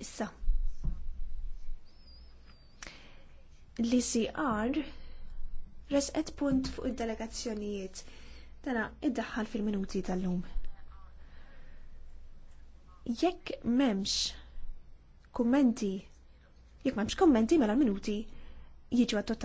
Issa. L-ICR resqet punt fuq id-delegazzjonijiet tana iddaħħal fil-minuti tal-lum. Jekk memx kummenti, jekk memx kummenti mela minuti jiġu għattot